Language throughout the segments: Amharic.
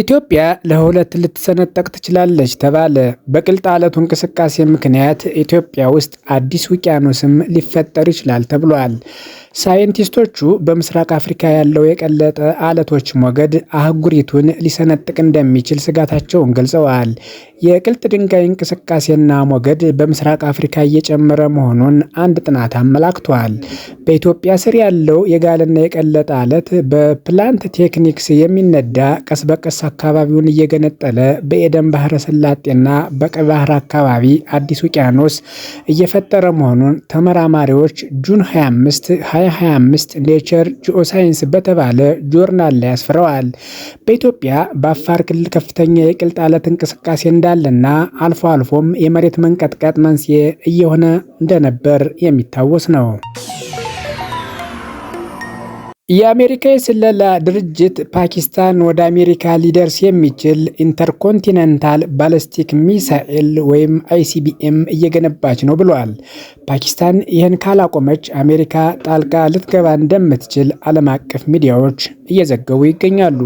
ኢትዮጵያ ለሁለት ልትሰነጠቅ ትችላለች ተባለ። በቅልጥ አለቱ እንቅስቃሴ ምክንያት ኢትዮጵያ ውስጥ አዲስ ውቅያኖስም ሊፈጠር ይችላል ተብሏል። ሳይንቲስቶቹ በምስራቅ አፍሪካ ያለው የቀለጠ አለቶች ሞገድ አህጉሪቱን ሊሰነጥቅ እንደሚችል ስጋታቸውን ገልጸዋል። የቅልጥ ድንጋይ እንቅስቃሴና ሞገድ በምስራቅ አፍሪካ እየጨመረ መሆኑን አንድ ጥናት አመላክቷል። በኢትዮጵያ ስር ያለው የጋለና የቀለጠ አለት በፕላንት ቴክኒክስ የሚነዳ ቀስ በቀስ አካባቢውን እየገነጠለ በኤደን ባህረ ሰላጤና በቀይ ባህር አካባቢ አዲስ ውቅያኖስ እየፈጠረ መሆኑን ተመራማሪዎች ጁን 25 2025 ኔቸር ጂኦሳይንስ በተባለ ጆርናል ላይ አስፍረዋል። በኢትዮጵያ በአፋር ክልል ከፍተኛ የቅልጥ ዓለት እንቅስቃሴ እንዳለና አልፎ አልፎም የመሬት መንቀጥቀጥ መንስኤ እየሆነ እንደነበር የሚታወስ ነው። የአሜሪካ የስለላ ድርጅት ፓኪስታን ወደ አሜሪካ ሊደርስ የሚችል ኢንተርኮንቲነንታል ባለስቲክ ሚሳኤል ወይም አይሲቢኤም እየገነባች ነው ብለዋል። ፓኪስታን ይህን ካላቆመች አሜሪካ ጣልቃ ልትገባ እንደምትችል ዓለም አቀፍ ሚዲያዎች እየዘገቡ ይገኛሉ።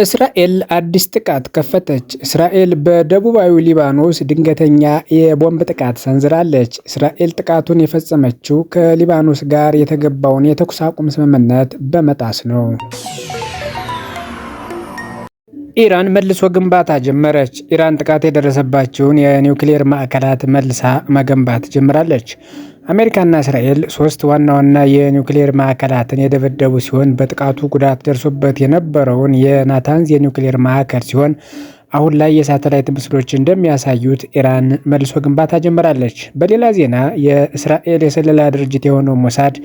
እስራኤል አዲስ ጥቃት ከፈተች። እስራኤል በደቡባዊ ሊባኖስ ድንገተኛ የቦምብ ጥቃት ሰንዝራለች። እስራኤል ጥቃቱን የፈጸመችው ከሊባኖስ ጋር የተገባውን የተኩስ አቁም ስምምነት በመጣስ ነው። ኢራን መልሶ ግንባታ ጀመረች። ኢራን ጥቃት የደረሰባቸውን የኒውክሌር ማዕከላት መልሳ መገንባት ጀምራለች። አሜሪካና እስራኤል ሶስት ዋና ዋና የኒውክሌር ማዕከላትን የደበደቡ ሲሆን በጥቃቱ ጉዳት ደርሶበት የነበረውን የናታንዝ የኒውክሌር ማዕከል ሲሆን አሁን ላይ የሳተላይት ምስሎች እንደሚያሳዩት ኢራን መልሶ ግንባታ ጀምራለች። በሌላ ዜና የእስራኤል የስለላ ድርጅት የሆነው ሞሳድ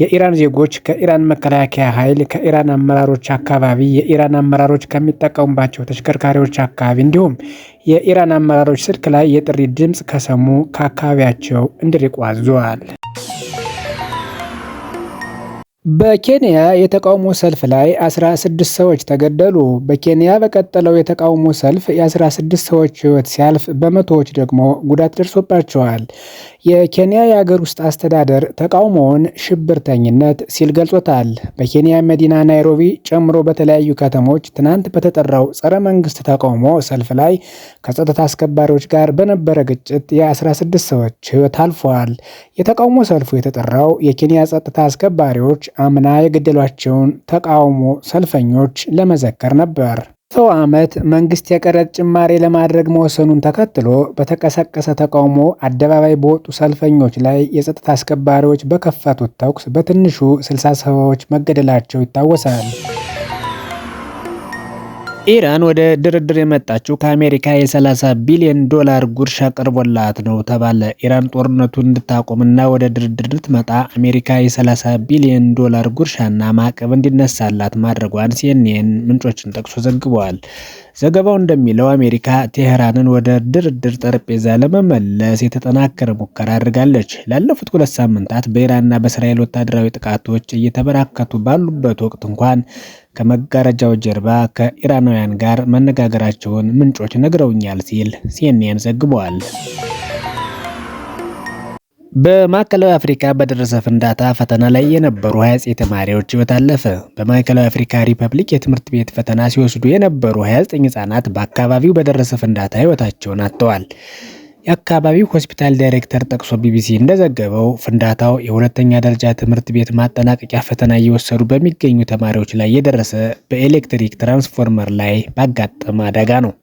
የኢራን ዜጎች ከኢራን መከላከያ ኃይል፣ ከኢራን አመራሮች አካባቢ፣ የኢራን አመራሮች ከሚጠቀሙባቸው ተሽከርካሪዎች አካባቢ እንዲሁም የኢራን አመራሮች ስልክ ላይ የጥሪ ድምፅ ከሰሙ ከአካባቢያቸው እንዲርቁ አዟል። በኬንያ የተቃውሞ ሰልፍ ላይ 16 ሰዎች ተገደሉ። በኬንያ በቀጠለው የተቃውሞ ሰልፍ የ16 ሰዎች ሕይወት ሲያልፍ በመቶዎች ደግሞ ጉዳት ደርሶባቸዋል። የኬንያ የአገር ውስጥ አስተዳደር ተቃውሞውን ሽብርተኝነት ሲል ገልጾታል። በኬንያ መዲና ናይሮቢ ጨምሮ በተለያዩ ከተሞች ትናንት በተጠራው ጸረ መንግስት ተቃውሞ ሰልፍ ላይ ከጸጥታ አስከባሪዎች ጋር በነበረ ግጭት የ16 ሰዎች ሕይወት አልፈዋል። የተቃውሞ ሰልፉ የተጠራው የኬንያ ጸጥታ አስከባሪዎች አምና የገደሏቸውን ተቃውሞ ሰልፈኞች ለመዘከር ነበር። ሰው ዓመት መንግስት የቀረጥ ጭማሪ ለማድረግ መወሰኑን ተከትሎ በተቀሰቀሰ ተቃውሞ አደባባይ በወጡ ሰልፈኞች ላይ የጸጥታ አስከባሪዎች በከፈቱት ተኩስ በትንሹ ስልሳ ሰዎች መገደላቸው ይታወሳል። ኢራን ወደ ድርድር የመጣችው ከአሜሪካ የ30 ቢሊዮን ዶላር ጉርሻ ቀርቦላት ነው ተባለ። ኢራን ጦርነቱን እንድታቆምና ወደ ድርድር እንድትመጣ አሜሪካ የ30 ቢሊዮን ዶላር ጉርሻና ማዕቀብ እንዲነሳላት ማድረጓን ሲኤንኤን ምንጮችን ጠቅሶ ዘግበዋል። ዘገባው እንደሚለው አሜሪካ ቴህራንን ወደ ድርድር ጠረጴዛ ለመመለስ የተጠናከረ ሙከራ አድርጋለች። ላለፉት ሁለት ሳምንታት በኢራንና በእስራኤል ወታደራዊ ጥቃቶች እየተበራከቱ ባሉበት ወቅት እንኳን ከመጋረጃው ጀርባ ከኢራናውያን ጋር መነጋገራቸውን ምንጮች ነግረውኛል ሲል ሲኤንኤን ዘግበዋል። በማዕከላዊ አፍሪካ በደረሰ ፍንዳታ ፈተና ላይ የነበሩ 29 ተማሪዎች ህይወት አለፈ። በማዕከላዊ አፍሪካ ሪፐብሊክ የትምህርት ቤት ፈተና ሲወስዱ የነበሩ 29 ህጻናት በአካባቢው በደረሰ ፍንዳታ ሕይወታቸውን አጥተዋል። የአካባቢው ሆስፒታል ዳይሬክተር ጠቅሶ ቢቢሲ እንደዘገበው ፍንዳታው የሁለተኛ ደረጃ ትምህርት ቤት ማጠናቀቂያ ፈተና እየወሰዱ በሚገኙ ተማሪዎች ላይ የደረሰ በኤሌክትሪክ ትራንስፎርመር ላይ ባጋጠመ አደጋ ነው።